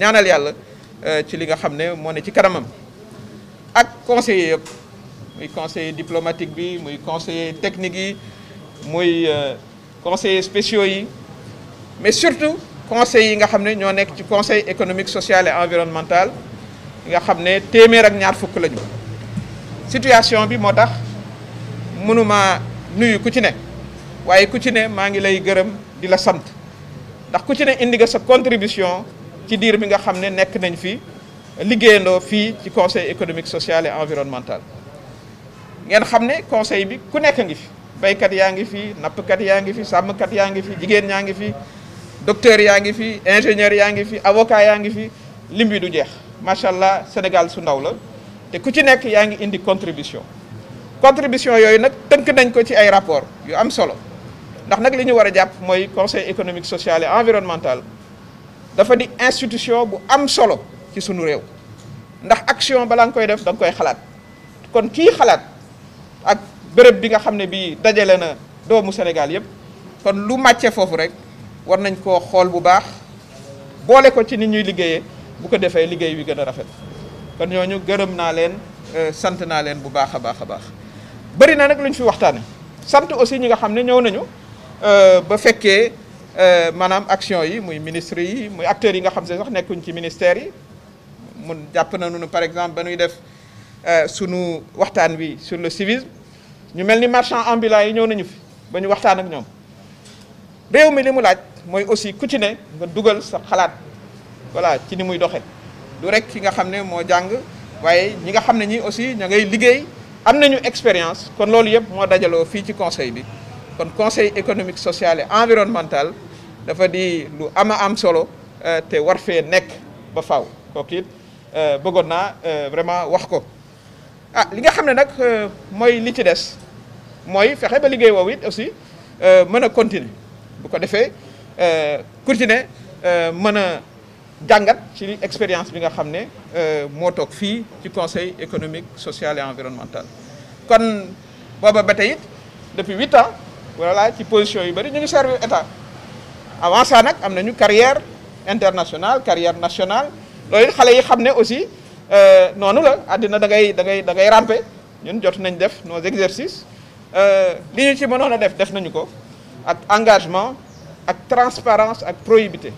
ñaanal yàlla euh, ci li nga xam ne moo ne ci kanamam ak conseiller yëpp muy conseiller diplomatique bi muy conseil technique yi muy euh, conseil spéciaux yi mais surtout conseil yi nga xam ne ñoo nekk ci conseil économique social et environnemental nga xam ne téeméer ak ñaar fukk lañu situation bi moo tax mënuma nuyu ku ci ne waaye ku ci ne maa ngi lay gërëm di la sant ndax ku ci ne indi sa contribution ci diir bi nga xam ne nekk nañ fi liggéeyandoo fii ci conseil économique social et environnemental ngeen xam ne conseil bi ku nekk ngi fi baykat yaa ngi fi nappkat yaa ngi fi sàmmkat yaa ngi fi jigéen ñaa ngi fi docteur yaa ngi fi ingénieur yaa ngi fi avocat yaa ngi fi lim du jeex macha allah Sénégal su ndaw la te ku ci nekk yaa ngi indi contribution contribution yooyu nag tënk nañ ko ci ay rapport yu am solo ndax nag li ñu war a jàpp mooy conseil économique social environnemental dafa di institution bu am solo ci sunu réew ndax action balaa nga koy def da koy xalaat kon kii xalaat ak bërëb bi nga xam ne bii dajale na doomu Sénégal yëpp kon lu màccee foofu rek war nañ koo xool bu baax boole ko ci nit ñuy liggéeyee bu ko defee liggéey wi gën a rafet kon ñooñu gërëm naa leen euh, sant naa leen bu baax a baax a baax bëri na nag lu ñu fi waxtaane sant aussi ñi nga xam ne ñëw nañu euh, ba fekkee Euh, maanaam action yi muy ministre yi muy acteurs yi nga xam ne sax nekkuñ ci ministère yi mu jàpp na nañu ne par exemple ba ñuy def euh, sunu waxtaan wi sur le civisme ñu mel ni marchand ambulant yi ñëw nañu fi ba ñu waxtaan ak ñoom réew mi li mu laaj mooy aussi ku ci ne nga dugal sax xalaat voilà ci ni muy doxee du rek ki nga xam ne moo jàng waaye ñi nga xam ne ñi aussi ña ngay liggéey am nañu expérience kon loolu yëpp moo dajaloo fii ci conseil bi kon conseil économique social et environnemental dafa di lu ama am solo euh, te war fee nekk ba faaw kooku it euh, bëggoon naa euh, vraiment wax ko ah li nga xam ne nag mooy li ci des mooy fexe ba liggéey woowu it aussi mën a continuer bu ko defee continuer mën a jàngat ci expérience bi nga xam ne moo toog fii ci conseil économique social et environnemental kon booba ba it depuis huit ans voilà ci position yu bëri ñu ngi servir état avant nag am nañu carrière internationale carrière nationale loolu xale yi xam ne aussi euh, noonu la àddina da ngay da ngay da ngay ñun jot nañ def nos exercices euh, li ñu ci mënoon a def def nañu ko ak engagement ak transparence ak probité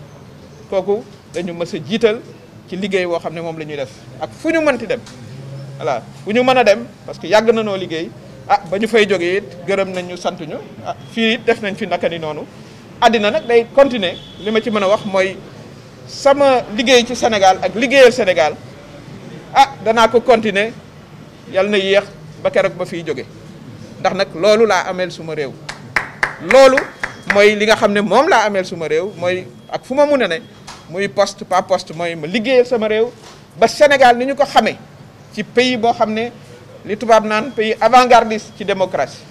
kooku dañu mës a jiital ci liggéey woo xam ne moom la ñuy def ak fu ñu ti dem voilà fu ñu mën a dem parce que yàgg na noo liggéey a ah, ba ñu fay jógee it gërëm nañ ñu sant ñu ah, it def nañ fi naka ni noonu àddina nag day continuer li ma ci mën a wax mooy sama liggéey ci Sénégal ak liggéeyal Sénégal ah danaa ko continuer yal na yéex ba keroog ba fiy jóge ndax nag loolu laa ameel suma réew loolu mooy li nga xam ne moom laa ameel suma réew mooy ak fu ma mun a ne muy poste pas post mooy ma liggéeyal sama réew ba Sénégal ni ñu ko xamee ci pays boo xam ne li tubaab naan pays avant-gardiste ci démocratie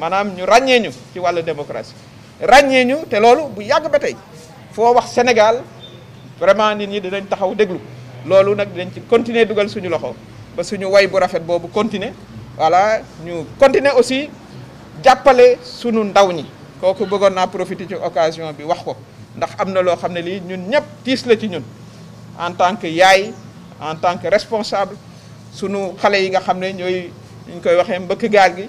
maanaam ñu ràññee ñu ci wàll démocratie ràññee ñu te loolu bu yàgg ba tey foo wax Sénégal vraiment nit ñi dinañ taxaw déglu loolu nag dinañ ci continuer dugal suñu loxo ba suñu way bu rafet boobu continuer voilà ñu continuer aussi jàppale suñu ndaw ñi kooku bëggoon naa profiter ci occasion bi wax ko ndax am na loo xam ne lii ñun ñëpp tiis la ci ñun en tant que yaay en tant que responsable sunu xale yi nga xam ne ñooy ñu koy waxee mbëkk gaal gi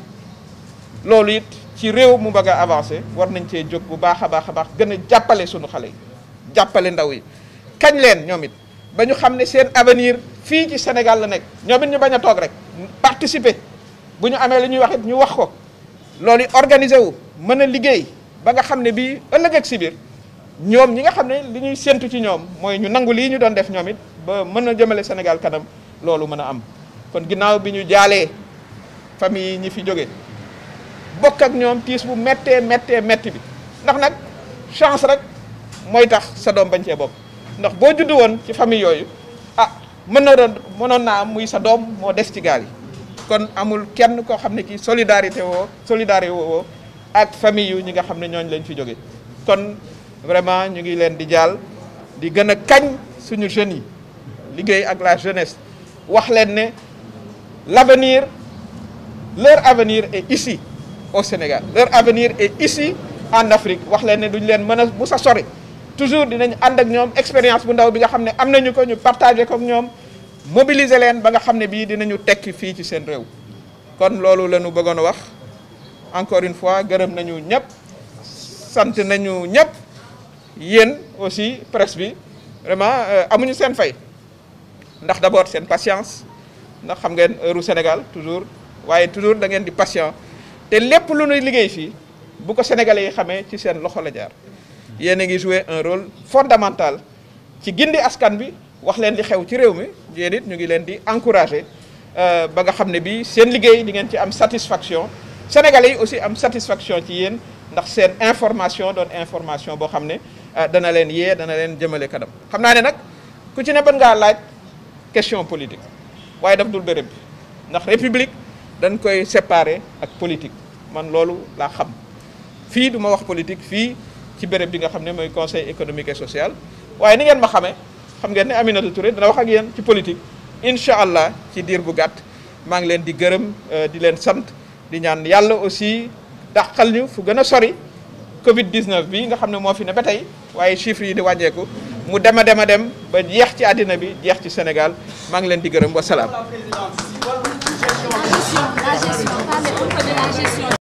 loolu it ci réew mu bëgg a avancé war nañ cee jóg bu baax a baax a baax gën a jàppale sunu xale yi jàppale ndaw yi kañ leen ñoom it ba ñu xam ne seen avenir fii ci Sénégal la nekk ñoom ñu bañ a toog rek participer bu ñu amee lu ñuy wax it ñu wax ko loolu yi organiser wu mën a liggéey ba nga xam ne bii ëllëg ak si ñoom ñi nga xam ne li ñuy séntu ci ñoom mooy ñu nangu lii ñu doon def ñoom it ba mën a jëmale Sénégal kanam loolu mën a am kon ginnaaw bi ñu jaalee famille yi ñi fi jóge bokk ak ñoom tiis bu méttee méttee métti bi ndax nag chance rek mooy tax sa doom bañ cee bopp ndax boo juddu woon ci famille yooyu ah mën na doon mënoon naa am muy sa doom moo des ci gaal yi kon amul kenn koo xam ne kii solidarité woo solidarité woo ak famille yu ñi nga xam ne ñooñu lañ fi jóge kon vraiment ñu ngi leen di jaal di gën a kañ suñu jeunes yi liggéey ak la jeunesse wax leen ne L'avenir, leur avenir est ici, au Sénégal. Leur avenir est ici, en Afrique. ne leen mën a Toujours, nous ñoom expérience, bu ndaw bi nga xam ne am ko ñu partagé avec ñoom mobiliser leen ba nga xam ne bii dinañu tekki fii ci seen réew kon loolu la ñu bëggoon a wax encore une fois gërëm nañu ñëpp sant nañu ñëpp yéen aussi presse bi vraiment euh, amuñu seen fay ndax d'abord seen patience ndax xam ngeen heure Sénégal toujours waaye toujours da ngeen di patient te lépp lu ñuy liggéey fii bu ko sénégalais yi xamee ci seen loxo la jaar yéen a ngi joué un rôle fondamental ci gindi askan bi wax leen di xew ci réew mi yéen ñu ngi leen di encouragé euh, ba nga xam ne bii seen liggéey di ngeen ci am satisfaction sénégalais yi aussi am satisfaction ci yéen ndax seen information doon information boo xam ne euh, dana leen yee dana leen jëmale kanam xam naa ne nag ku ci ne bën ngaa laaj question politique waaye daf dul béréb bi ndax république dañ koy séparer ak politique man loolu laa xam fii du ma wax politique fii ci béréb bi nga xam ne mooy conseil économique et social waaye ni ngeen ma xamee xam ngeen ne Aminata Touré dana wax ak yéen ci politique incha allah ci diir bu gàtt maa ngi leen di gërëm euh, di leen sant di ñaan yàlla aussi dàqal ñu fu gën a sori Covid 19 bi nga xam ne moo fi ne ba tey waaye chiffres yi di wàññeeku. mu dem a dem a dem ba jeex ci àddina bi jeex ci senegal maa ngi leen di gërëm wa